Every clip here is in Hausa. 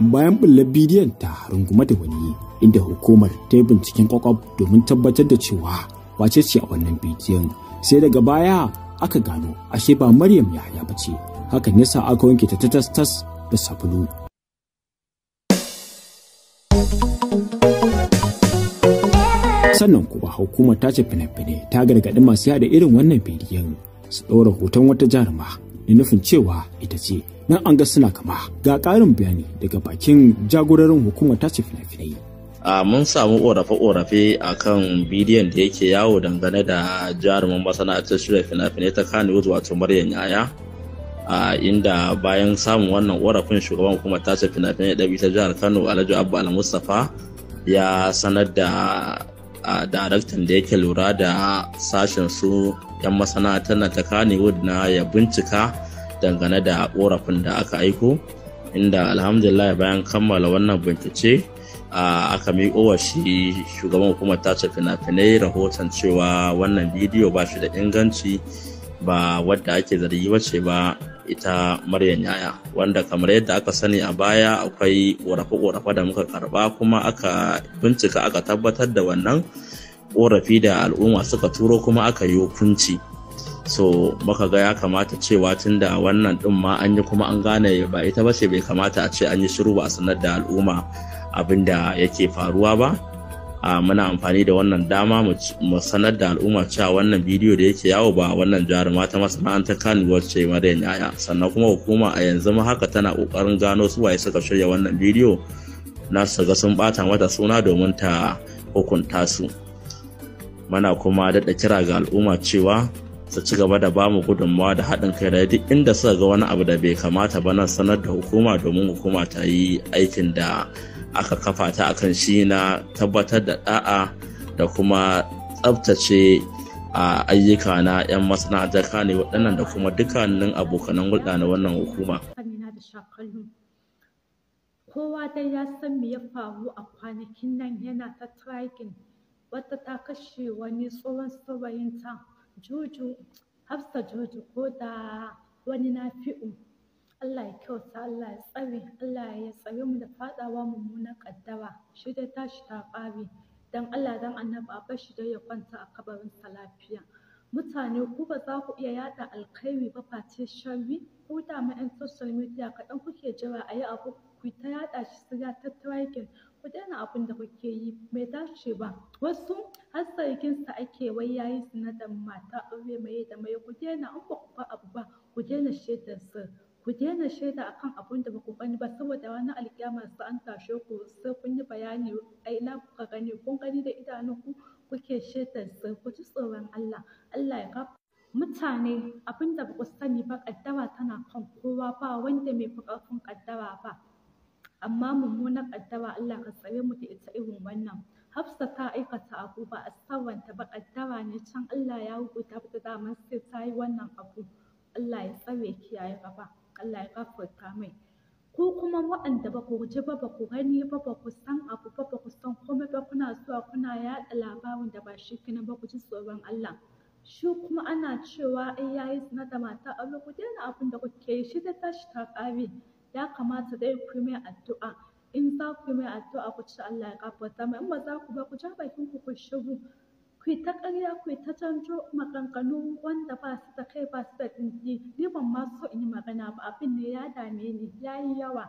bayan bullar bidiyon ta rungume da wani inda hukumar ta yi binciken kwakwab domin tabbatar da cewa wace ce a wannan bidiyon sai daga baya aka gano ashe ba maryam yahaya ba ce hakan ya sa aka wanke ta tas tas da sabulu sannan kuma hukumar ta ce fina-finai ta gargaɗi masu yada irin wannan bidiyon su ɗora hoton wata jaruma da nufin cewa ita ce nan an ga suna kama ga ƙarin bayani daga bakin jagororin hukumar tace fina a mun samu ƙorafe-ƙorafe a kan bidiyon da yake yawo dangane da jarumin masana'antar shirya fina ta kano wato maryam yaya a inda bayan samun wannan ƙorafin shugaban hukumar tace finafinai ɗabi ta jihar kano alhaji abba al-mustapha ya sanar da a daraktan da yake lura da sashen su 'yan masana'antar na ta kanewood na ya bincika dangane da korafin da aka aiko inda alhamdulillah bayan kammala wannan bincike aka miƙo wa shi shugaban hukumar tace fina-finai rahoton cewa wannan bidiyo ba shi da inganci ba wadda ake zargi ba ce ba ita maryam yaya wanda kamar yadda aka sani a baya akwai ƙorafe-ƙorafe da muka karba kuma aka bincika aka tabbatar da wannan korafi da al'umma suka turo kuma aka yi hukunci so muka ga ya kamata cewa tun da wannan din ma an yi kuma an gane ba ita ba ce bai kamata a ce an yi shiru ba a sanar da al'umma abin da yake faruwa ba a muna amfani da wannan dama mu sanar da al'umma cewa wannan bidiyo da yake yawo ba wannan jaruma ta masana'antar kanuwar ce madayin yaya sannan kuma hukuma a yanzu ma haka tana kokarin gano su waye suka shirya wannan bidiyo na su ga sun bata mata suna domin ta hukunta su. Muna kuma daɗa kira ga al'umma cewa su ci gaba da bamu gudunmawa da haɗin kai da duk inda suka ga wani abu da bai kamata ba na sanar da hukuma domin hukuma ta yi aikin da aka kafa ta akan shi na tabbatar da ɗa'a da kuma tsabtace a ayyuka na 'yan masana'antar kane waɗannan da kuma dukkanin abokanan hulɗa na wannan hukuma. Kowa dai ya san me ya faru a kwanakin nan yana ta trikin wata ta kashe wani tsohon ta juju hafsa juju ko da wani nafi'u Allah ya kyauta Allah ya tsare Allah ya tsare mu da fadawa mummunan kaddawa shi dai tashi ta ƙare dan Allah dan annabi a shi dai ya kwanta a kabarinta lafiya mutane ku ba za ku iya yada alkhairi ba face sharri ku da social media kaɗan kuke jira a yi abu ku ta yada shi su ya tattara ku daina abin da kuke yi bai dace ba wasu har sarkin sa ake wai yayi sinadan mata aure mai da mai ku daina an ba ku ba abu ba ku daina shaidar sa ku daina shaida akan abin da baku gani ba saboda wani alƙiyama su an tashe ku sai kun yi bayani a ina kuka gani kun gani da idanunku kuke shaidar sa ku ji tsoron Allah Allah ya kafa mutane abin da baku sani ba kaddara tana kan kowa ba wanda mai fi ƙarfin kaddara ba amma mummunar ƙaddara Allah ka tsare mu da ita irin wannan Hafsa ta aikata abu ba a sarranta ba ƙaddara ne can Allah ya rubuta ta daman sai ta yi wannan abu Allah ya tsare kiyaye gaba Allah ya gafarta mai ko kuma waɗanda ba ku ji ba ba ku gani ba ba ku san abu ba ba ku san komai ba kuna zuwa kuna yaɗa labarin da ba shi kina ba ku ji tsoron Allah shi kuma ana cewa ai yayi na da mata aure ku daina abin da kuke yi shi da tashi ta ƙare ya kamata dai ku mai addu'a in za ku mai addu'a ku ce Allah ya gafarta mai in ba za ku ba ku ja bakin ku ku shiru ku ta ƙarya ku ta canjo maganganu wanda ba su da kai ba su da tsinci ni ban ma so in yi magana ba abin ne ya dame ni ya yi yawa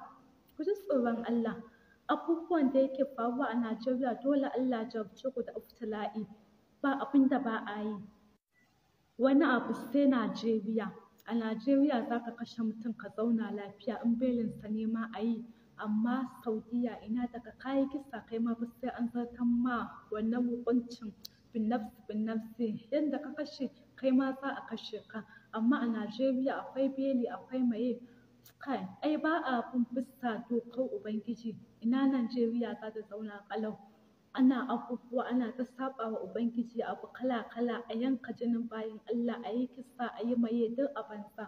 ku ji tsoron Allah abubuwan da yake faruwa a Najeriya dole Allah ya jarabce ku da ibtila'i ba abin da ba a yi wani abu sai Najeriya a Najeriya za ka kashe mutum ka zauna lafiya in belinsa ne ma a yi amma Saudiya ina daga kayi kisa kai ma sai an zartan ma wannan hukuncin binnafsi binnafsi yadda ka kashe kai ma za a kashe ka amma a Najeriya akwai beli akwai maye kai ai ba a bin bisa dokar Ubangiji ina Najeriya za ta zauna kalau? ana abubuwa ana ta saba wa ubangiji abu kala kala a yanka jinin bayan Allah a yi kisa a yi maye duk a ba a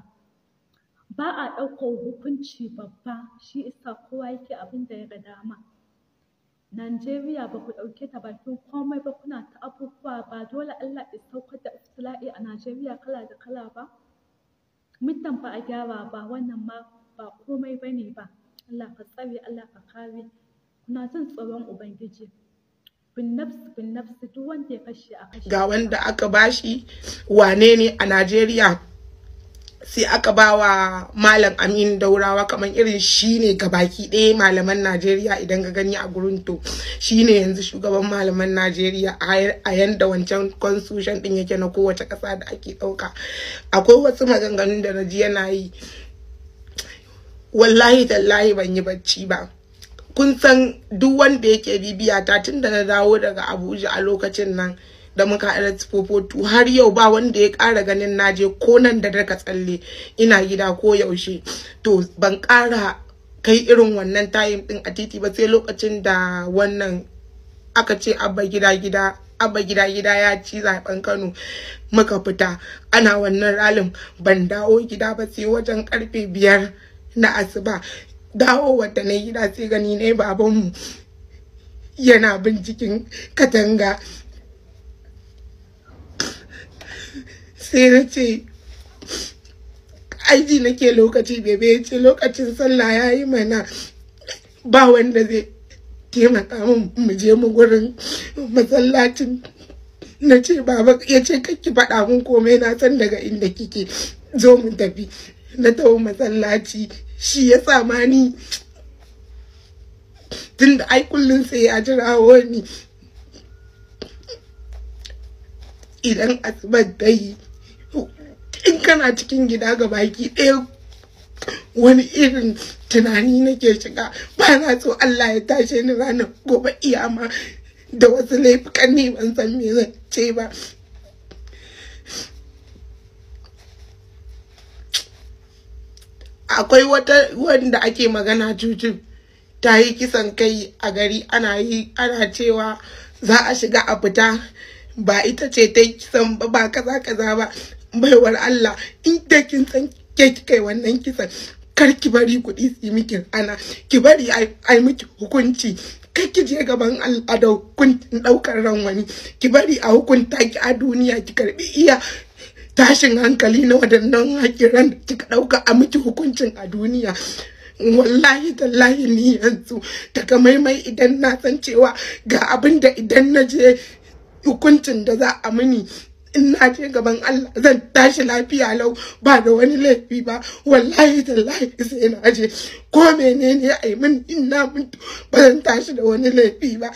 ɗaukar hukunci babba shi isa kowa yake abin da ya ga dama Najeriya ba ku ɗauke ta bakin komai ba kuna ta abubuwa ba dole Allah ya saukar da iftila'i a Najeriya kala da kala ba muddin ba a gyara ba wannan ma ba komai ne ba Allah ka tsare Allah ka kare kuna jin tsoron Ubangiji ga wanda aka bashi wane ne a Najeriya sai aka bawa malam amin daurawa kamar irin shine ga baki ɗaya malaman najeriya idan ka gani a gurin to shi yanzu shugaban malaman najeriya a yanda wancan constitution din yake na kowace ƙasa da ake ɗauka akwai wasu maganganun da na ji yana yi wallahi tallahi ban yi bacci ba kun san duk wanda yake bibiya ta tun da na dawo daga abuja a lokacin nan da muka haɗa har yau ba wanda ya kara ganin naje ko nan da daga tsalle ina gida ko yaushe to ban kara kai irin wannan tayin ɗin a titi ba sai lokacin da wannan aka ce abba gida gida abba gida gida ya ci zaben kano muka fita ana wannan ralin ban dawo gida ba sai wajen karfe biyar na asuba dawo wanda na gida sai gani ne babanmu yana binciken katanga sai na ce aiji nake lokaci bebe ya ce lokacin sallah ya yi mana ba wanda zai taimaka min mu je mu gurin masallacin na ce baba ya ce kakki faɗa mun komai na san daga inda kike zo mu tafi na taho masallaci shi ya sama ni tun da ai kullum sai ya jirawo ni idan asibar dai, yi in kana cikin gida ga baki ɗaya wani irin tunani nake shiga ba na so Allah ya tashe ni ranar gobe iyama da wasu laifukan ne ban san me zan ce ba akwai wata wanda ake magana jujin ta yi kisan kai a gari ana yi ana cewa za a shiga a fita ba ita ce ta yi kisan ba ba kaza kaza ba baiwar Allah in da kin san ke kai wannan kisan kar ki bari kuɗi su yi miki ana ki bari yi miki hukunci kai ki je gaban Allah da ɗaukar ran wani ki bari a hukunta ki a duniya ki karɓi iya tashin hankali na waɗannan hakiran da kika ɗauka a miki hukuncin a duniya wallahi tallahi ni yanzu daga maimai idan na san cewa ga abin da idan na je hukuncin da za a mini in na je gaban Allah zan tashi lafiya lau ba da wani laifi ba wallahi tallahi sai na je ko menene yi min in na mutu ba zan tashi da wani laifi ba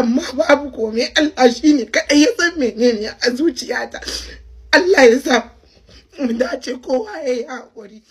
amma babu komai Allah shine kaɗai ya san menene a zuciyata Allah ya sa mu dace kowa ya yi haƙuri